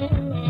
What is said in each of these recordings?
Thank you.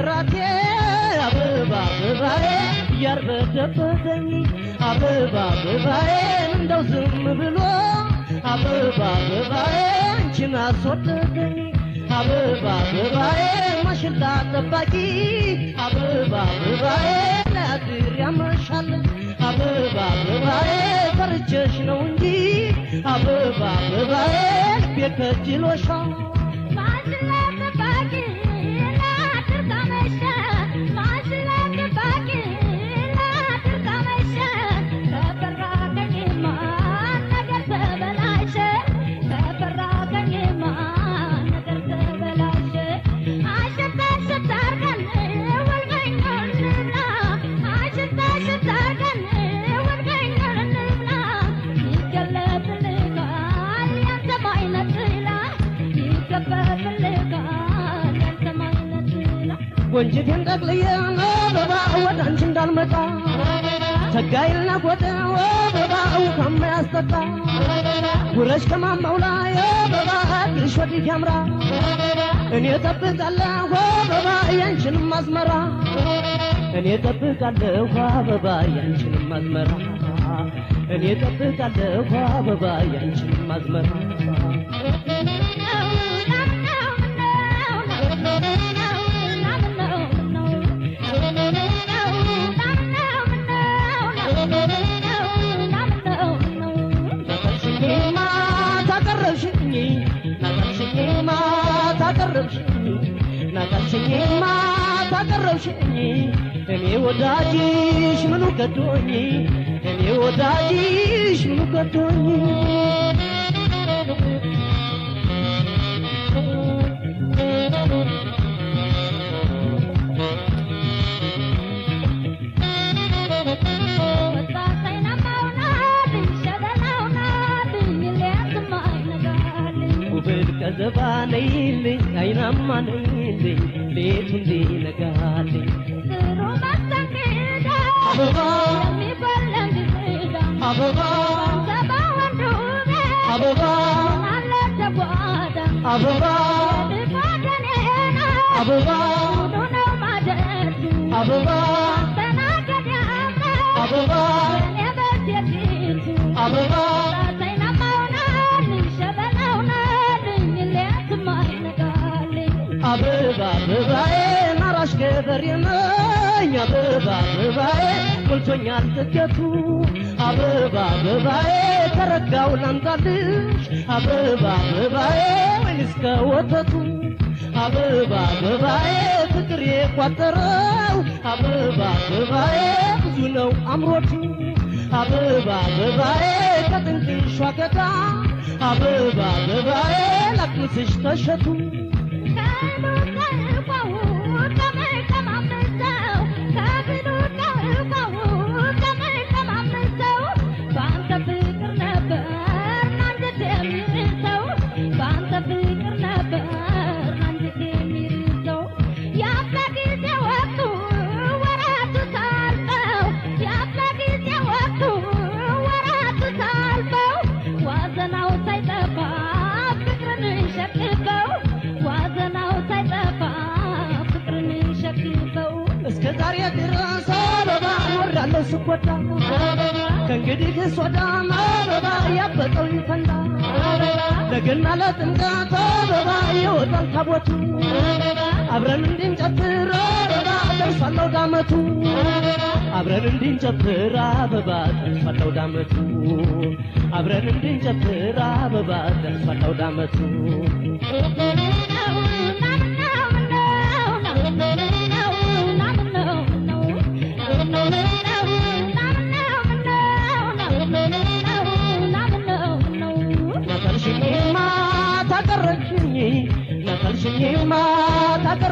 ፍራቴ አበባ አበባዬ እያርበደበተኝ አበባ አበባዬ ብሎ አበባ አበባዬ አንቺን አበባ አበባዬ ጠባቂ አበባ አበባዬ ያመሻል አበባ ነው እንጂ አበባ ቆንጅቴን ጠቅልዬ በባ ወደ አንቺ እንዳልመጣ ተጋይልና ጎጥ በባው ካማ ያስጠጣ ጉረሽ ከማማው ላይ በባ ግርሽ ወዲት ያምራ እኔ ጠብቃለ ወበባ ያንቺንም ማዝመራ እኔ ጠብቃለሁ አበባ ያንቺንም ማዝመራ እኔ ጠብቃለሁ አበባ ያንቺንም ማዝመራ። ናቀችኝማ ታቀረብሽኝ እኔ ወዳጅሽ ምኑ ገዶኝ እኔ ወዳጅሽ ምኑ ገዶኝ ገዘባነይልኝ አይናማ ነይልኝ ቤቱ እንዲነጋልኝ አበባ አበባ አበባ አበባ አበባ አበባ ፍቅር የመኝ አበባ አበባዬ ሞልቶኛል ትኬቱ አበባ አበባዬ ተረጋው ላምጣልሽ አበባ አበባዬ ወይን እስከ ወተቱ አበባ አበባዬ ፍቅር የቋጠረው አበባ አበባዬ ብዙ ነው አምሮቱ አበባ አበባዬ ከጥንቅሽ ዋገታ አበባ አበባዬ ላቅምስሽ ተሸቱ ፈጣሪ ድረሰ እወርዳለሁ ስጎዳ ከእንግዲህ ሶዳ አበባ ያበጠው ይፈንዳ ለገና ለጥምቀት አበባ ይወጣል ታቦቱ አብረን እንድንጨፍር አበባ ደርሷለሁ ዳመቱ አብረን እንድንጨፍር አበባ ዳመቱ አብረን እንድንጨፍር አበባ ዳመቱ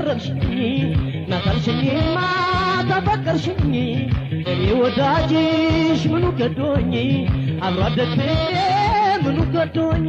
አደረግሽኝ ናቀልሽኝ ማታፈቀርሽኝ እኔ ወዳጅሽ ምኑ ገዶኝ አብሮ አደግ ምኑ ገዶኝ